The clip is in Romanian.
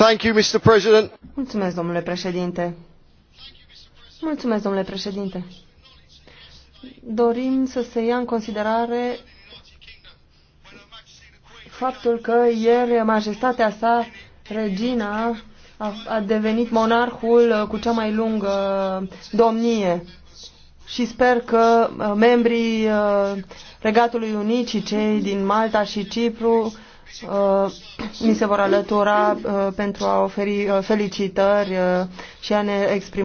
Mr. President. Mulțumesc, domnule președinte. Mulțumesc, domnule președinte. Dorim să se ia în considerare faptul că ieri majestatea sa, regina, a, a devenit monarhul cu cea mai lungă domnie. Și sper că uh, membrii uh, Regatului Unit și cei din Malta și Cipru Uh, mi se vor alătura uh, pentru a oferi uh, felicitări și a ne exprima